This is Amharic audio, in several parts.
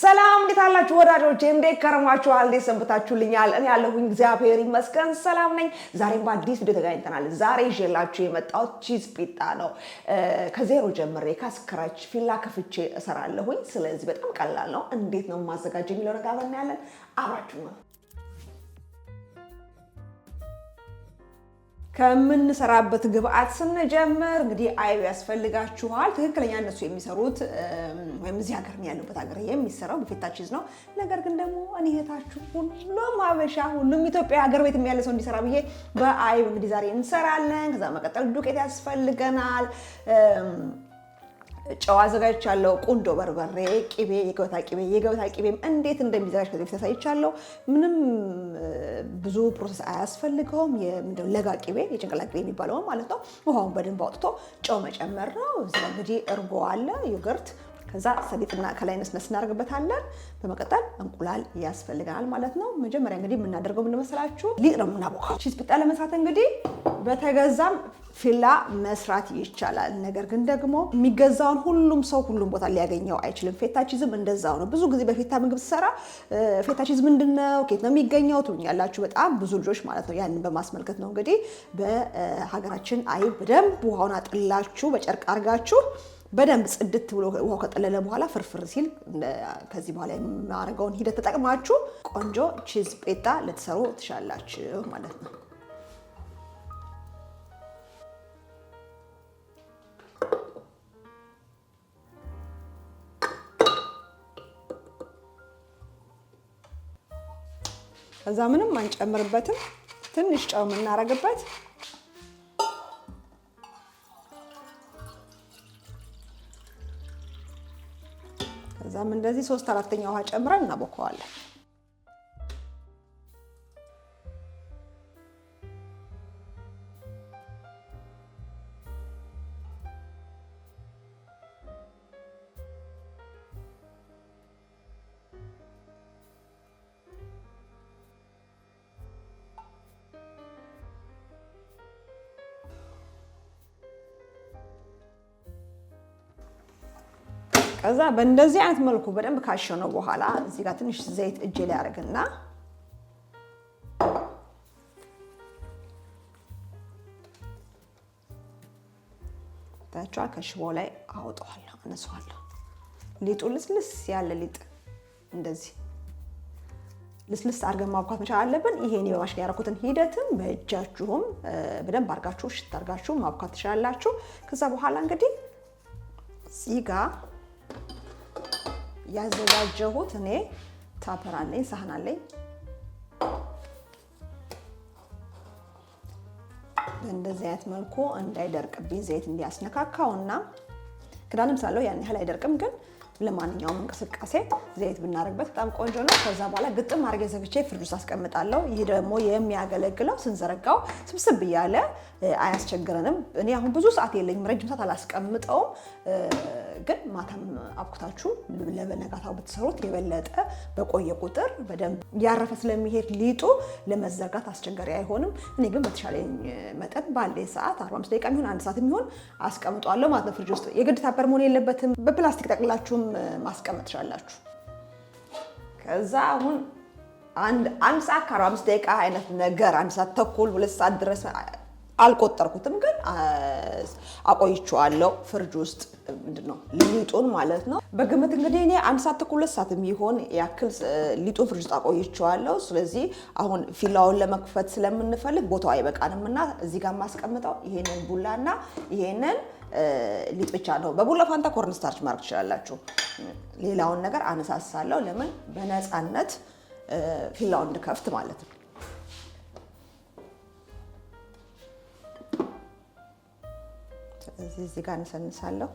ሰላም እንዴት አላችሁ ወዳጆች፣ እንዴት ከረማችኋል? እንዴት ሰንብታችሁልኛል? እኔ ያለሁኝ እግዚአብሔር ይመስገን ሰላም ነኝ። ዛሬም በአዲስ ቪዲዮ ተገናኝተናል። ዛሬ ይዤላችሁ የመጣሁት ቺዝ ፒጣ ነው። ከዜሮ ጀምሬ ከስክራች ፊላ ከፍቼ እሰራለሁኝ። ስለዚህ በጣም ቀላል ነው። እንዴት ነው ማዘጋጀ የሚለው ነገር አብረን እናያለን። አብራችሁ ነው ከምንሰራበት ግብአት ስንጀምር እንግዲህ አይብ ያስፈልጋችኋል። ትክክለኛ እነሱ የሚሰሩት ወይም እዚህ ሀገር ያለበት ሀገር የሚሰራው ቡፌታ ቺዝ ነው። ነገር ግን ደግሞ እኔ እህታችሁ ሁሉም ሀበሻ ሁሉም ኢትዮጵያ ሀገር ቤት ያለ ሰው እንዲሰራ ብዬ በአይብ እንግዲህ ዛሬ እንሰራለን። ከዛ መቀጠል ዱቄት ያስፈልገናል። ጨው አዘጋጅቻለሁ። ቁንዶ በርበሬ፣ ቅቤ፣ የገበታ ቅቤ የገበታ ቅቤም እንዴት እንደሚዘጋጅ ከዚህ በፊት አሳይቻለሁ። ምንም ብዙ ፕሮሰስ አያስፈልገውም። ለጋ ቅቤ የጭንቅላ ቅቤ የሚባለውን ማለት ነው። ውሃውን በደንብ አውጥቶ ጨው መጨመር ነው። እዚ እንግዲህ እርጎ አለ ዮገርት ከዛ ሰሊጥና ከላይ ነስነስ እናደርግበታለን። በመቀጠል እንቁላል ያስፈልገናል ማለት ነው። መጀመሪያ እንግዲህ የምናደርገው ምን መሰላችሁ? ሊጥ ነው የምናቦካው። ቺዝ ፒጣ ለመስራት እንግዲህ በተገዛም ፊላ መስራት ይቻላል። ነገር ግን ደግሞ የሚገዛውን ሁሉም ሰው ሁሉም ቦታ ሊያገኘው አይችልም። ፌታ ቺዝም እንደዛው ነው። ብዙ ጊዜ በፌታ ምግብ ስሰራ ፌታ ቺዝ ምንድን ነው፣ ኬት ነው የሚገኘው ትሉኛላችሁ። በጣም ብዙ ልጆች ማለት ነው። ያንን በማስመልከት ነው እንግዲህ በሀገራችን አይብ በደንብ ውሃውን አጥላችሁ በጨርቅ አድርጋችሁ በደንብ ጽድት ብሎ ውሃው ከጠለለ በኋላ ፍርፍር ሲል ከዚህ በኋላ የማደርገውን ሂደት ተጠቅማችሁ ቆንጆ ቺዝ ጴጣ ልትሰሩ ትችላላችሁ ማለት ነው። ከዛ ምንም አንጨምርበትም። ትንሽ ጨው የምናረግበት ከዛም እንደዚህ ሶስት አራተኛ ውሃ ጨምረን እናቦከዋለን። ከዛ በእንደዚህ አይነት መልኩ በደንብ ካሸነው በኋላ እዚህ ጋር ትንሽ ዘይት እጄ ላይ ያደርግና ታያችኋል። ከሽቦ ላይ አውጠዋለሁ፣ አነሳዋለሁ። ሊጡ ልስልስ ያለ ሊጥ እንደዚህ ልስልስ አድርገን ማብኳት መቻል አለብን። ይሄን በማሽን ያደረኩትን ሂደትም በእጃችሁም በደንብ አድርጋችሁ ሽት አድርጋችሁ ማብኳት ትችላላችሁ። ከዛ በኋላ እንግዲህ እዚህ ጋር ያዘጋጀሁት እኔ ታፐር አለኝ፣ ሳህን አለኝ። በእንደዚህ አይነት መልኩ እንዳይደርቅብኝ ዘይት እና ክዳንም ስላለው ያን ያህል አይደርቅም ግን ለማንኛውም እንቅስቃሴ ዘይት ብናደርግበት በጣም ቆንጆ ነው። ከዛ በኋላ ግጥም አድርጌ ዘግቼ ፍርድ ውስጥ አስቀምጣለሁ። ይህ ደግሞ የሚያገለግለው ስንዘረጋው ስብስብ እያለ አያስቸግረንም። እኔ አሁን ብዙ ሰዓት የለኝም፣ ረጅም ሰዓት አላስቀምጠውም። ግን ማታም አብኩታችሁ ለበነጋታው ብትሰሩት የበለጠ በቆየ ቁጥር በደንብ ያረፈ ስለሚሄድ ሊጡ ለመዘጋት አስቸጋሪ አይሆንም። እኔ ግን በተሻለኝ መጠን ባለ ሰዓት 45 ደቂቃ የሚሆን አንድ ሰዓት የሚሆን አስቀምጧለሁ ማለት ነው ፍርጅ ውስጥ። የግድ ታበር መሆን የለበትም። በፕላስቲክ ጠቅላችሁም ማስቀመጥ ትችላላችሁ። ከዛ አሁን አንድ ሰዓት ከአርባ አምስት ደቂቃ አይነት ነገር አንድ ሰዓት ተኩል ሁለት ሰዓት ድረስ አልቆጠርኩትም፣ ግን አቆይቼዋለሁ ፍርጅ ውስጥ ምንድን ነው ሊጡን ማለት ነው። በግምት እንግዲህ እኔ አንድ ሰዓት ተኩል ሁለት ሰዓት የሚሆን ያክል ሊጡን ፍርጅ ውስጥ አቆይቼዋለሁ። ስለዚህ አሁን ፊላውን ለመክፈት ስለምንፈልግ ቦታው አይበቃንም እና እዚህ ጋር የማስቀምጠው ይሄንን ቡላ እና ይሄንን ሊጥ ብቻ ነው። በቡላ ፋንታ ኮርን ስታርች ማድረግ ትችላላችሁ። ሌላውን ነገር አነሳሳለሁ። ለምን በነፃነት ፊላውን እንድከፍት ማለት ነው። ስለዚህ እዚህ ጋር እንሰንሳለሁ።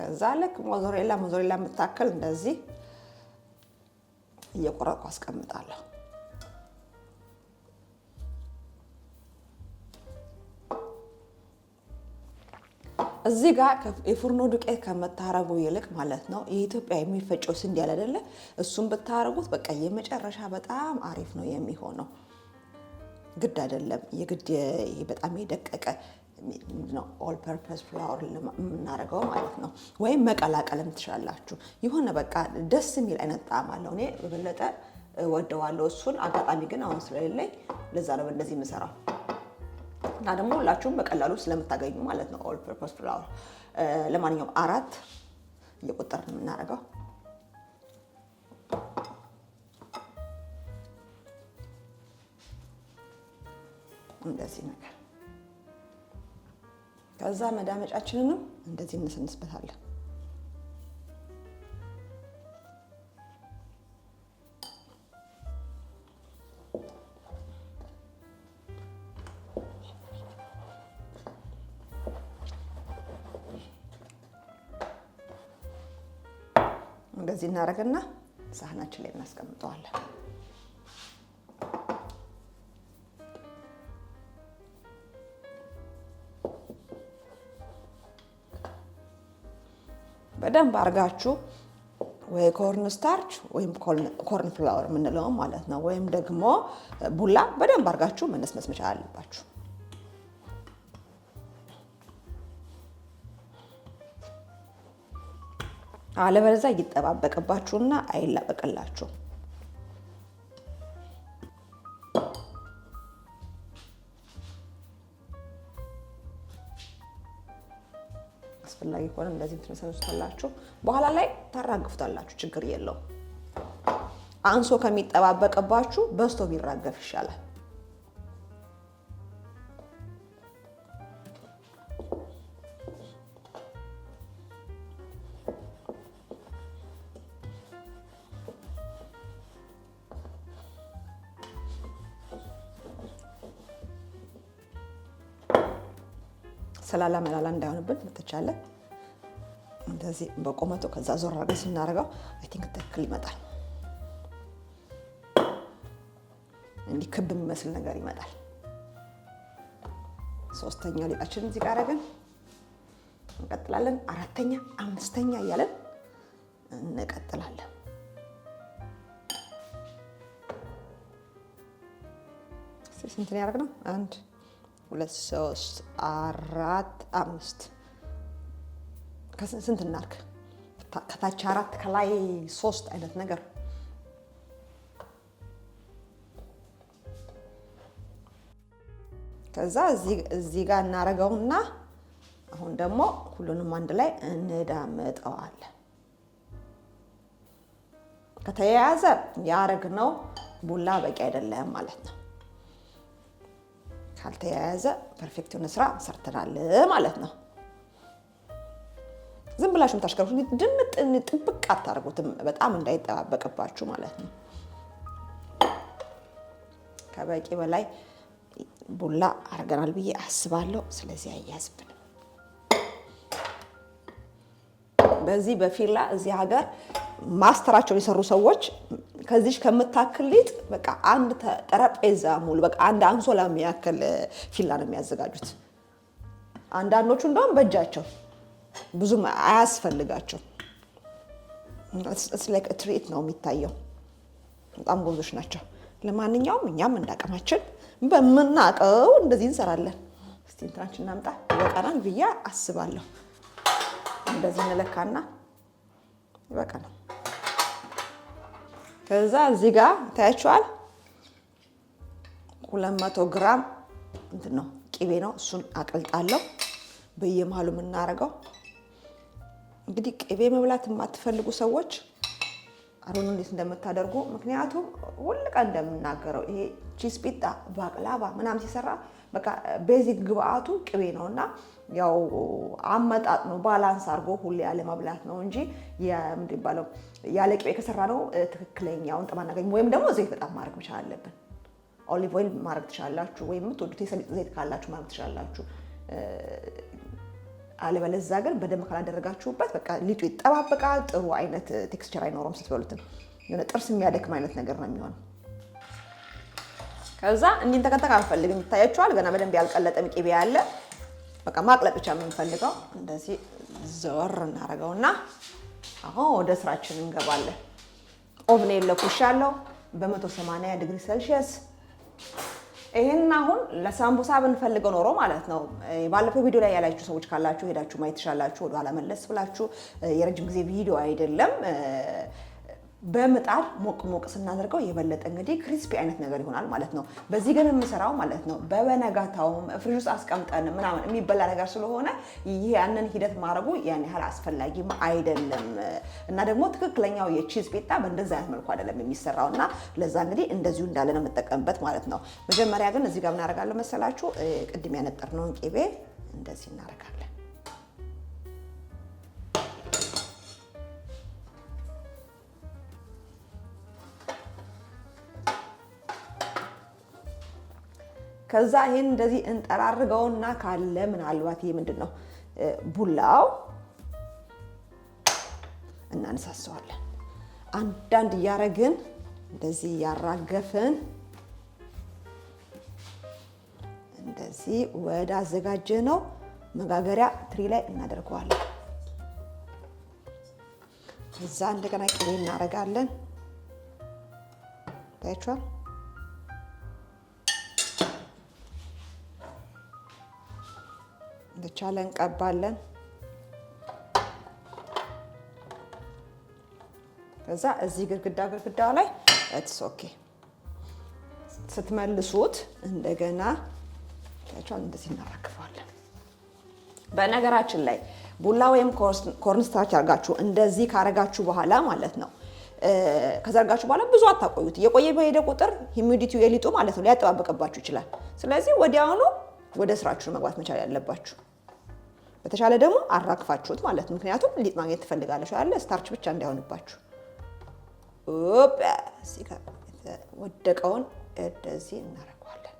ከዛ ልክ ሞዞሬላ ሞዞሬላ የምታክል እንደዚህ እየቆረጥኩ አስቀምጣለሁ። እዚህ ጋር የፉርኖ ዱቄት ከምታረጉ ይልቅ ማለት ነው የኢትዮጵያ የሚፈጨው ስንዴ ያለ አይደለ? እሱን ብታረጉት በቃ የመጨረሻ በጣም አሪፍ ነው የሚሆነው። ግድ አይደለም የግድ በጣም የደቀቀ ኦል ፐርፐስ ፍላወር የምናደርገው ማለት ነው። ወይም መቀላቀልም ትችላላችሁ። የሆነ በቃ ደስ የሚል አይነት ጣዕም አለው። እኔ በበለጠ ወደዋለሁ እሱን። አጋጣሚ ግን አሁን ስለሌለኝ ለዛ ነው እንደዚህ የምሰራው እና ደግሞ ሁላችሁም በቀላሉ ስለምታገኙ ማለት ነው። ኦል ፐርፐስ ፍላወር ለማንኛውም አራት እየቆጠር ነው የምናደርገው። እንደዚህ ነገር ከዛ መዳመጫችንንም እንደዚህ እንሰንስበታለን። እንደዚህ እናደርግና ሳህናችን ላይ እናስቀምጠዋለን። በደንብ አርጋችሁ ወይ ኮርን ስታርች ወይም ኮርን ፍላወር የምንለው ማለት ነው፣ ወይም ደግሞ ቡላ በደንብ አርጋችሁ መነስነስ መቻል አለባችሁ። አለበለዚያ እየጠባበቅባችሁና አይላበቅላችሁ። ላይ ከሆነ እንደዚህ ትነሰንሱታላችሁ። በኋላ ላይ ታራግፉታላችሁ፣ ችግር የለው። አንሶ ከሚጠባበቅባችሁ በስቶ ቢራገፍ ይሻላል። ሰላላ መላላ እንዳይሆንብን ምትቻለ እንደዚህ በቆመቶ ከዛ ዞር አድርገን ስናደርገው አይ ቲንክ ትክክል ይመጣል። እንዲህ ክብ የሚመስል ነገር ይመጣል። ሶስተኛ ሊጣችን እዚህ ጋር አደረግን እንቀጥላለን። አራተኛ፣ አምስተኛ እያለን እንቀጥላለን። ስንት ነው ያደረግነው? አንድ ሁለት ሶስት አራት አምስት ስንት እናርግ ከታች አራት ከላይ ሶስት አይነት ነገር ከዛ እዚህ ጋር እናደርገውና አሁን ደግሞ ሁሉንም አንድ ላይ እንዳመጠዋለን። ከተያያዘ ያረግነው ቡላ በቂ አይደለም ማለት ነው። ካልተያያዘ ፐርፌክት ሆነ ስራ ሰርተናል ማለት ነው። ዝም ብላችሁ የምታሽከረክሩት ድምጥ ጥብቅ አታደርጉትም፣ በጣም እንዳይጠባበቅባችሁ ማለት ነው። ከበቂ በላይ ቡላ አድርገናል ብዬ አስባለሁ። ስለዚህ አያዝብን በዚህ በፊላ እዚህ ሀገር ማስተራቸውን የሰሩ ሰዎች ከዚህ ከምታክል ሊጥ በቃ አንድ ጠረጴዛ ሙሉ በቃ አንድ አንሶላ የሚያክል ፊላ ነው የሚያዘጋጁት። አንዳንዶቹ እንደውም በእጃቸው ብዙም አያስፈልጋቸው። ትርኢት ነው የሚታየው። በጣም ጎዞች ናቸው። ለማንኛውም እኛም እንዳቅማችን በምናቀው እንደዚህ እንሰራለን። እስቲ እንትናችን እናምጣ። ይበቃናል ብዬ አስባለሁ። እንደዚህ እንለካና ይበቃናል። ከዛ እዚህ ጋር ታያችኋል። ሁለት መቶ ግራም እንትን ነው ቂቤ ነው። እሱን አቀልጣለሁ። በየመሀሉ የምናደርገው እንግዲህ ቅቤ መብላት የማትፈልጉ ሰዎች አሮኑ እንዴት እንደምታደርጉ ምክንያቱም ሁል ቀን እንደምናገረው ይሄ ቺስ ፒጣ፣ ባቅላባ ምናምን ሲሰራ በቃ ቤዚክ ግብአቱ ቅቤ ነው እና ያው አመጣጥ ነው ባላንስ አድርጎ ሁሌ ያለ መብላት ነው እንጂ ምንድን ይባለው ያለ ቅቤ ከሰራ ነው ትክክለኛውን ጥም አናገኝም። ወይም ደግሞ ዘይት በጣም ማድረግ መቻል አለብን። ኦሊቭ ኦይል ማድረግ ትችላላችሁ፣ ወይም የምትወዱት የሰሊጥ ዘይት ካላችሁ ማድረግ ትችላላችሁ። አለበለዛ ግን በደንብ ካላደረጋችሁበት በቃ ሊጡ ይጠባበቃል። ጥሩ አይነት ቴክስቸር አይኖረውም። ስትበሉትም የሆነ ጥርስ የሚያደክም አይነት ነገር ነው የሚሆነው። ከዛ እንዲንተከተክ አንፈልግም። ይታያችኋል፣ ገና በደንብ ያልቀለጠም ቂቤ ያለ በቃ ማቅለጥ ብቻ የምንፈልገው እንደዚህ ዘወር እናደርገውና አሁን ወደ ስራችን እንገባለን። ኦቭን የለኩሻለሁ በ180 ዲግሪ ሴልሺየስ ይሄን አሁን ለሳምቡሳ ብንፈልገው ኖሮ ማለት ነው ባለፈው ቪዲዮ ላይ ያላችሁ ሰዎች ካላችሁ ሄዳችሁ ማየት ትሻላችሁ። ወደኋላ መለስ ብላችሁ የረጅም ጊዜ ቪዲዮ አይደለም በምጣድ ሞቅ ሞቅ ስናደርገው የበለጠ እንግዲህ ክሪስፒ አይነት ነገር ይሆናል ማለት ነው። በዚህ ግን የምሰራው ማለት ነው በበነጋታውም ፍሪጅ ውስጥ አስቀምጠን ምናምን የሚበላ ነገር ስለሆነ ይህ ያንን ሂደት ማድረጉ ያን ያህል አስፈላጊም አይደለም እና ደግሞ ትክክለኛው የቺዝ ፒታ በእንደዚህ አይነት መልኩ አይደለም የሚሰራው እና ለዛ እንግዲህ እንደዚሁ እንዳለ ነው የምጠቀምበት ማለት ነው። መጀመሪያ ግን እዚህ ጋር እናደርጋለን መሰላችሁ ቅድም ያነጠርነውን ቂቤ እንደዚህ እናደርጋለን። ከዛ ይሄን እንደዚህ እንጠራርገውና ካለ ምናልባት ይሄ ምንድን ነው ቡላው እናነሳሰዋለን። አንዳንድ እያረግን እንደዚህ እያራገፍን እንደዚህ ወደ አዘጋጀ ነው መጋገሪያ ትሪ ላይ እናደርገዋለን። እዛ እንደገና ቅቤ እናደርጋለን ታያችኋል። ብቻ እንቀባለን። ከዛ እዚህ ግድግዳ ግድግዳ ላይ ኢትስ ኦኬ ስትመልሱት እንደገና ታቻን እንደዚህ እናራክፋለን። በነገራችን ላይ ቡላ ወይም ኮርንስታች አርጋችሁ እንደዚህ ካረጋችሁ በኋላ ማለት ነው ከዘርጋችሁ በኋላ ብዙ አታቆዩት። የቆየ በሄደ ቁጥር ሂሚዲቲው የሊጡ ማለት ነው ሊያጠባበቅባችሁ ይችላል። ስለዚህ ወዲያውኑ ወደ ስራችሁ መግባት መቻል ያለባችሁ በተሻለ ደግሞ አራግፋችሁት ማለት ነው። ምክንያቱም ሊጥ ማግኘት ትፈልጋለች አለ ስታርች ብቻ እንዳይሆንባችሁ። ወደቀውን እንደዚህ እናደርገዋለን።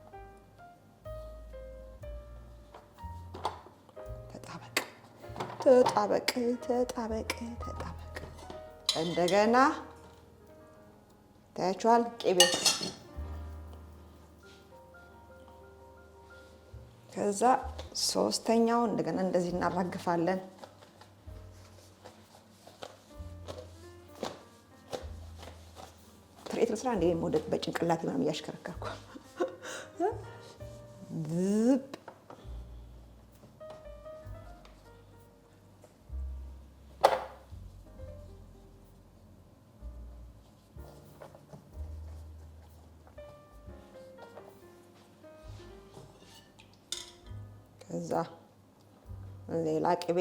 ተጣበቅ ተጣበቅ ተጣበቅ ተጣበቅ። እንደገና ታያችኋል ቄቤት። ከዛ ሶስተኛው እንደገና እንደዚህ እናራግፋለን። ትርኢት ልስራ እንደ ወደ በጭንቅላት ምናምን እያሽከረከርኩ ዝብ እዛ ሌላ ቅቤ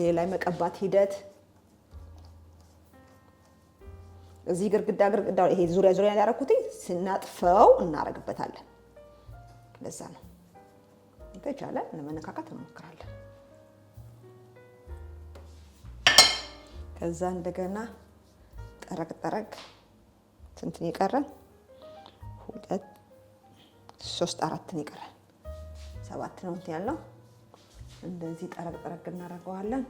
ሌላ የመቀባት ሂደት እዚህ ግርግዳ ግርግዳ ይሄ ዙሪያ ዙሪያ ያደረኩት ስናጥፈው እናረግበታለን። ለዛ ነው የተቻለ ለመነካካት እንሞክራለን። ከዛ እንደገና ጠረቅ ጠረቅ ስንትን ይቀረን? ሁለት ሶስት አራትን ይቀረን። ሰባት ነው ያለው። እንደዚህ ጠረቅ ጠረቅ እናደርገዋለን።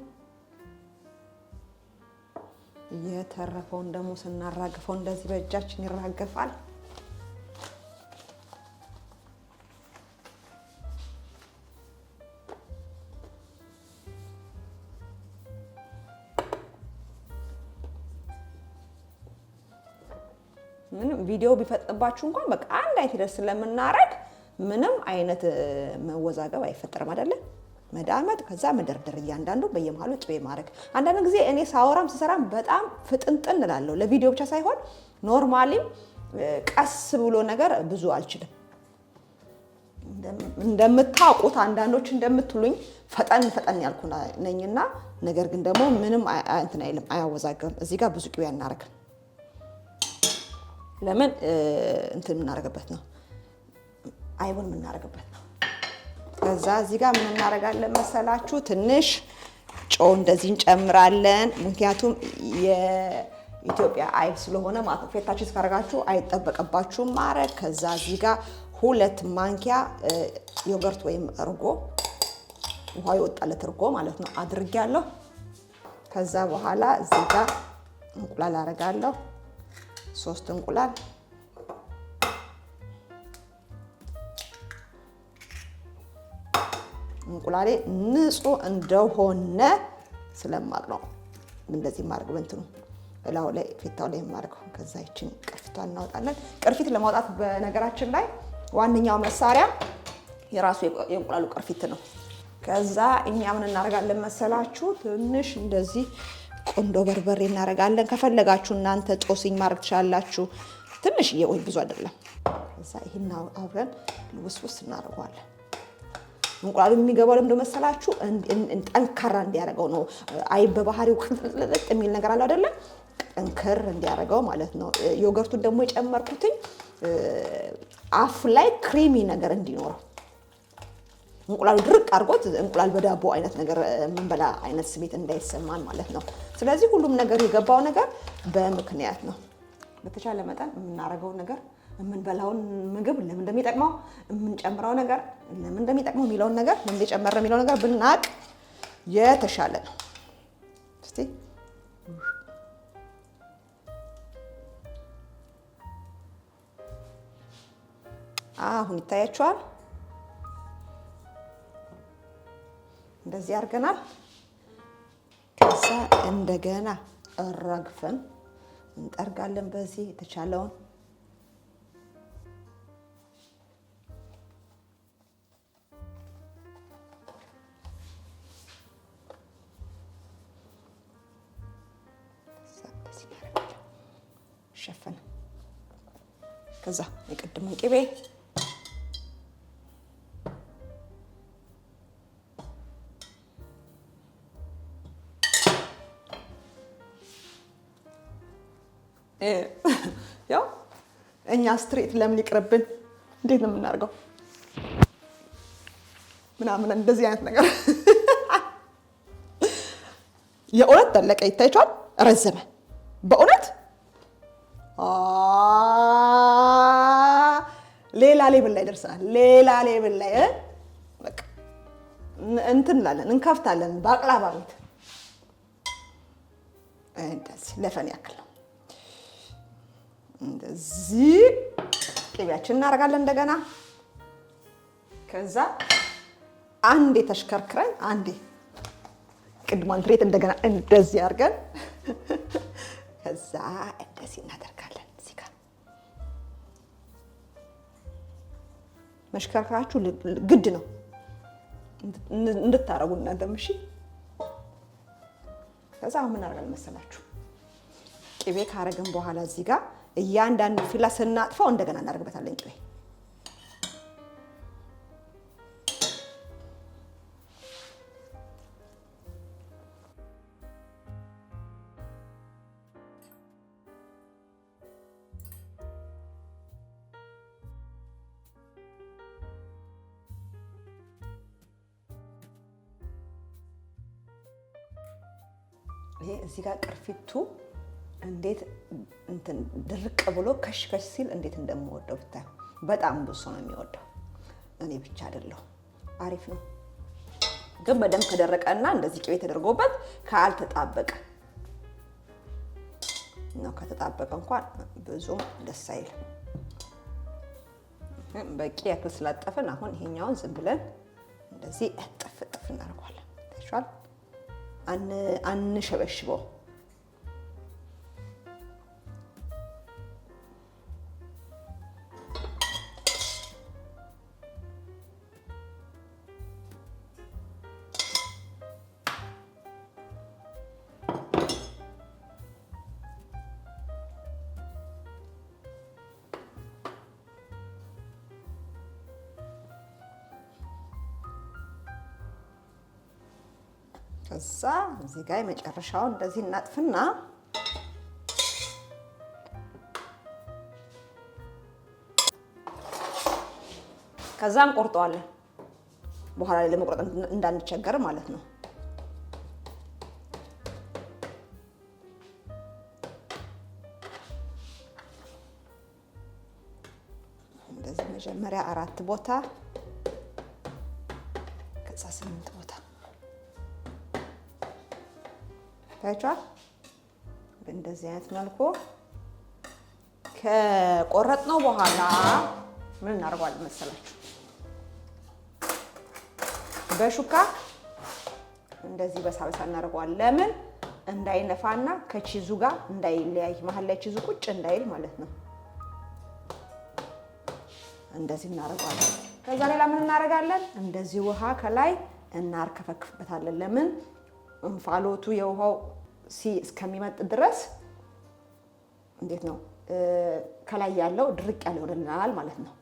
የተረፈውን ደግሞ ስናራግፈው እንደዚህ በእጃችን ይራገፋል። ምንም ቪዲዮ ቢፈጥባችሁ እንኳን በቃ አንድ አይነት ስለምናረግ ምንም አይነት መወዛገብ አይፈጠርም አይደለ? መዳመጥ፣ ከዛ መደርደር፣ እያንዳንዱ በየመሀሉ ጭቤ ማድረግ። አንዳንድ ጊዜ እኔ ሳወራም ስሰራም በጣም ፍጥንጥን እላለሁ። ለቪዲዮ ብቻ ሳይሆን ኖርማሊም ቀስ ብሎ ነገር ብዙ አልችልም። እንደምታውቁት አንዳንዶች እንደምትሉኝ ፈጠን ፈጠን ያልኩ ነኝና፣ ነገር ግን ደግሞ ምንም እንትን አይልም፣ አያወዛገብም። እዚህ ጋር ብዙ ቅቤ አናደርግም ለምን እንትን የምናደርግበት ነው አይቡን የምናደርግበት ነው። ከዛ እዚህ ጋር ምን እናደርጋለን መሰላችሁ? ትንሽ ጨው እንደዚህ እንጨምራለን። ምክንያቱም የኢትዮጵያ አይብ ስለሆነ ማለት ነው። ፌታችን እስካደረጋችሁ አይጠበቅባችሁም ማረግ። ከዛ እዚህ ጋር ሁለት ማንኪያ ዮገርት ወይም እርጎ ውሃ የወጣለት እርጎ ማለት ነው አድርጌያለሁ። ከዛ በኋላ እዚህ ጋር እንቁላል አደርጋለሁ ሶስት እንቁላል እንቁላሌ ንጹህ እንደሆነ ስለማቅ ነው። እንደዚህ ማድረግ በእንትኑ እላው ላይ ፌታው ላይ የማድረገው። ከዛ ይችን ቅርፊቷ እናወጣለን። ቅርፊት ለማውጣት በነገራችን ላይ ዋነኛው መሳሪያ የራሱ የእንቁላሉ ቅርፊት ነው። ከዛ እኛ ምን እናደርጋለን መሰላችሁ? ትንሽ እንደዚህ ቆንዶ በርበሬ እናደርጋለን። ከፈለጋችሁ እናንተ ጦስኝ ማድረግ ትችላላችሁ። ትንሽዬ ወይ ብዙ አይደለም። ከዛ ይህን አብረን ልውስውስ እናደርገዋለን። እንቁላሉ የሚገባው ለምንድን መሰላችሁ? ጠንካራ እንዲያደርገው ነው። አይብ በባህሪው ቅልጥልጥ የሚል ነገር አለ አይደለም? ጠንክር እንዲያደርገው ማለት ነው። ዮገርቱን ደግሞ የጨመርኩትኝ አፍ ላይ ክሪሚ ነገር እንዲኖረው እንቁላሉ ድርቅ አድርጎት እንቁላል በዳቦ አይነት ነገር የምንበላ አይነት ስሜት እንዳይሰማን ማለት ነው። ስለዚህ ሁሉም ነገር የገባው ነገር በምክንያት ነው። በተቻለ መጠን የምናደርገው ነገር የምንበላውን ምግብ ለምን እንደሚጠቅመው የምንጨምረው ነገር ለምን እንደሚጠቅመው የሚለውን ነገር ለምን የጨመረ የሚለው ነገር ብናቅ የተሻለ ነው። እስቲ አሁን ይታያችኋል። እንደዚህ አድርገናል። ከዛ እንደገና ረግፈን እንጠርጋለን። በዚህ የተቻለውን ከዛ የቅድሙን ቅቤ ያው እኛ ስትሬት ለምን ይቅርብን፣ እንዴት ነው የምናደርገው ምናምን እንደዚህ አይነት ነገር የእውነት ጠለቀ ይታይቸዋል። ረዘመ በእውነት ሌላ ሌብል ላይ ደርሰናል። ሌላ ሌብል ላይ በቃ እንትን እንላለን፣ እንከፍታለን። በአቅላባ ቤት እንደዚህ ለፈን ያክል ነው። እንደዚህ ቅቤያችን እናደርጋለን እንደገና። ከዛ አንዴ ተሽከርክረን አንዴ ቅድሟን ትሬት እንደገና እንደዚህ አድርገን ከዛ እንደዚህ እናደርጋለን። መሽከርከራችሁ ግድ ነው እንድታረጉ እናንተም እሺ። ከዛ አሁን ምን አደርጋለሁ መሰላችሁ ቅቤ ካረግን በኋላ እዚህ ጋር እያንዳንዱ ፊላ ስናጥፈው እንደገና እናደርግበታለን ቅቤ ይሄ እዚህ ጋር ቅርፊቱ እንዴት ድርቅ ብሎ ከሽ ከሽ ሲል እንዴት እንደምወደው ብታይ። በጣም ብዙ ነው የሚወደው፣ እኔ ብቻ አይደለሁ። አሪፍ ነው ግን በደንብ ከደረቀ እና እንደዚህ ቅቤ ተደርጎበት ካልተጣበቀ ነው። ከተጣበቀ እንኳን ብዙም ደስ አይልም። በቂ ያክል ስላጠፍን አሁን ይሄኛውን ዝም ብለን እንደዚህ እጥፍ እጥፍ እናደርጓል። አንሸበሽበው ከዛ እዚህ ጋር የመጨረሻውን እንደዚህ እናጥፍና ከዛም ቆርጠዋለን በኋላ ላይ ለመቁረጥ እንዳንቸገር ማለት ነው። እንደዚህ መጀመሪያ አራት ቦታ ከዛ ስምንት ቦታ ታያችኋል። እንደዚህ አይነት መልኩ ከቆረጥነው በኋላ ምን እናደርገዋለን መሰላችሁ? በሹካ እንደዚህ በሳበሳ እናደርገዋለን። ለምን እንዳይነፋና ከቺዙ ጋር እንዳይለያይ መሀል ላይ ቺዙ ቁጭ እንዳይል ማለት ነው። እንደዚህ እናደርገዋለን። ከዛ ሌላ ምን እናደርጋለን? እንደዚህ ውሃ ከላይ እናርከፈክፍበታለን። ለምን እንፋሎቱ የውሃው ሲ እስከሚመጥ ድረስ እንዴት ነው ከላይ ያለው ድርቅ ያለ ይሆንልናል ማለት ነው።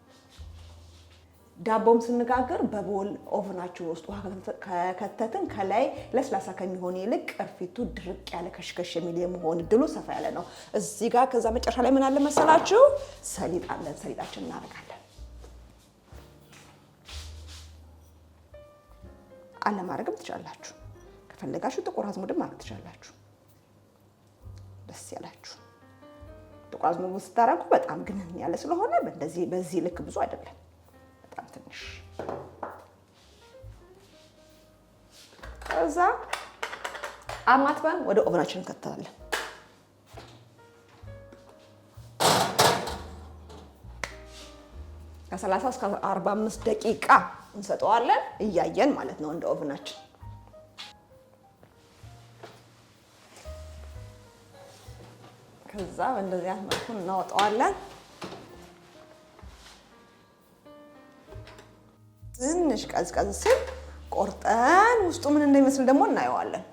ዳቦም ስንጋገር በቦል ኦቨናችሁ ውስጥ ውሃ ከከተትን ከላይ ለስላሳ ከሚሆን ይልቅ ቅርፊቱ ድርቅ ያለ ከሽከሽ የሚል የመሆን እድሉ ሰፋ ያለ ነው። እዚህ ጋር ከዛ መጨረሻ ላይ ምን አለ መሰላችሁ? ሰሊጥ አለን። ሰሊጣችን እናደርጋለን። አለማድረግም ትችላላችሁ። ከፈለጋችሁ ጥቁር አዝሙድም ማድረግ ትችላላችሁ። ደስ ያላችሁ ጥቁር አዝሙድ ስታረጉ በጣም ግንን ያለ ስለሆነ በእንደዚህ በዚህ ልክ ብዙ አይደለም፣ በጣም ትንሽ። ከዛ አማትበን ወደ ኦቨናችን እንከተላለን። ከ30 እስከ 45 ደቂቃ እንሰጠዋለን እያየን ማለት ነው እንደ ኦቨናችን ከዛ በእንደዚህ አይነት መልኩ እናወጣዋለን። ትንሽ ቀዝቀዝ ስል ቆርጠን ውስጡ ምን እንደሚመስል ደግሞ እናየዋለን።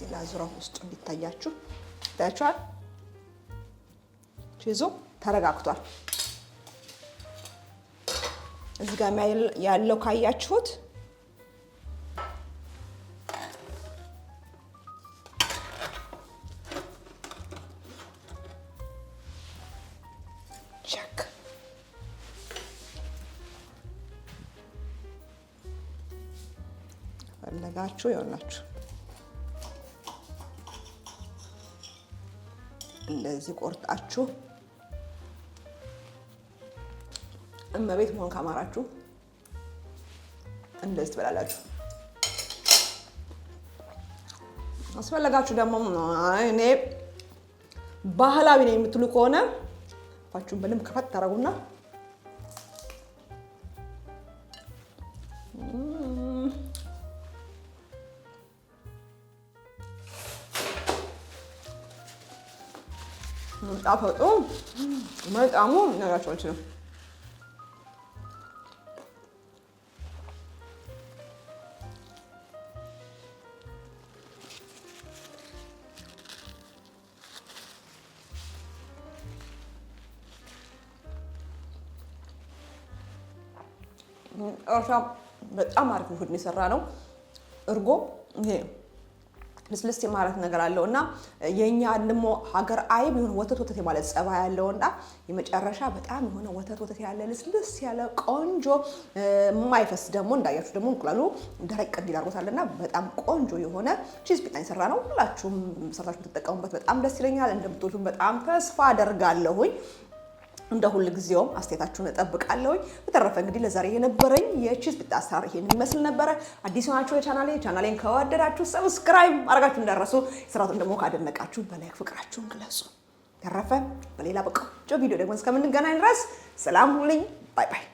እንደዚህ ላዙረው ውስጡ እንዲታያችሁ ታያችኋል። ቺዙ ተረጋግቷል። እዚህ ጋር ያለው ካያችሁት ፈለጋችሁ ይሆናችሁ እንደዚህ ቆርጣችሁ እመቤት መሆን ካማራችሁ እንደዚህ ትበላላችሁ። አስፈለጋችሁ ደግሞ እኔ ባህላዊ ነው የምትሉ ከሆነ ፋችሁን በደንብ ከፈት ታደርጉና ጣፈጡ መጣሙ ነገራቸው አልችልም። እርሻ በጣም አሪፍ ውህድ ነው የሰራ ነው እርጎ ይሄ ልስልስ የማለት ነገር አለው እና የእኛ ደሞ ሀገር አይብ የሆነ ወተት ወተት የማለት ጸባይ ያለው እና የመጨረሻ በጣም የሆነ ወተት ወተት ያለ ልስልስ ያለ ቆንጆ የማይፈስ ደግሞ እንዳያችሁ ደግሞ እንቁላሉ ደረቅ እንዲዳርጎታል አድርጎታል እና በጣም ቆንጆ የሆነ ቺዝ ፒጣን የሰራ ነው። ሁላችሁም ሰርታችሁ ብትጠቀሙበት በጣም ደስ ይለኛል። እንደምትወዱት በጣም ተስፋ አደርጋለሁኝ። እንደ ሁል ጊዜውም አስተያየታችሁን እጠብቃለሁኝ። በተረፈ እንግዲህ ለዛሬ የነበረኝ የችዝብት አሰራር ይሄን ይመስል ነበረ። አዲስ ሆናችሁ የቻናሌ ቻናሌን ከወደዳችሁ ሰብስክራይብ አድርጋችሁ እንዳረሱ ስራቱን ደግሞ ካደነቃችሁ በላይክ ፍቅራችሁን ግለጹ። ተረፈ በሌላ በቃ ቪዲዮ ደግሞ እስከምንገናኝ ድረስ ሰላም ሁኑልኝ። ባይ ባይ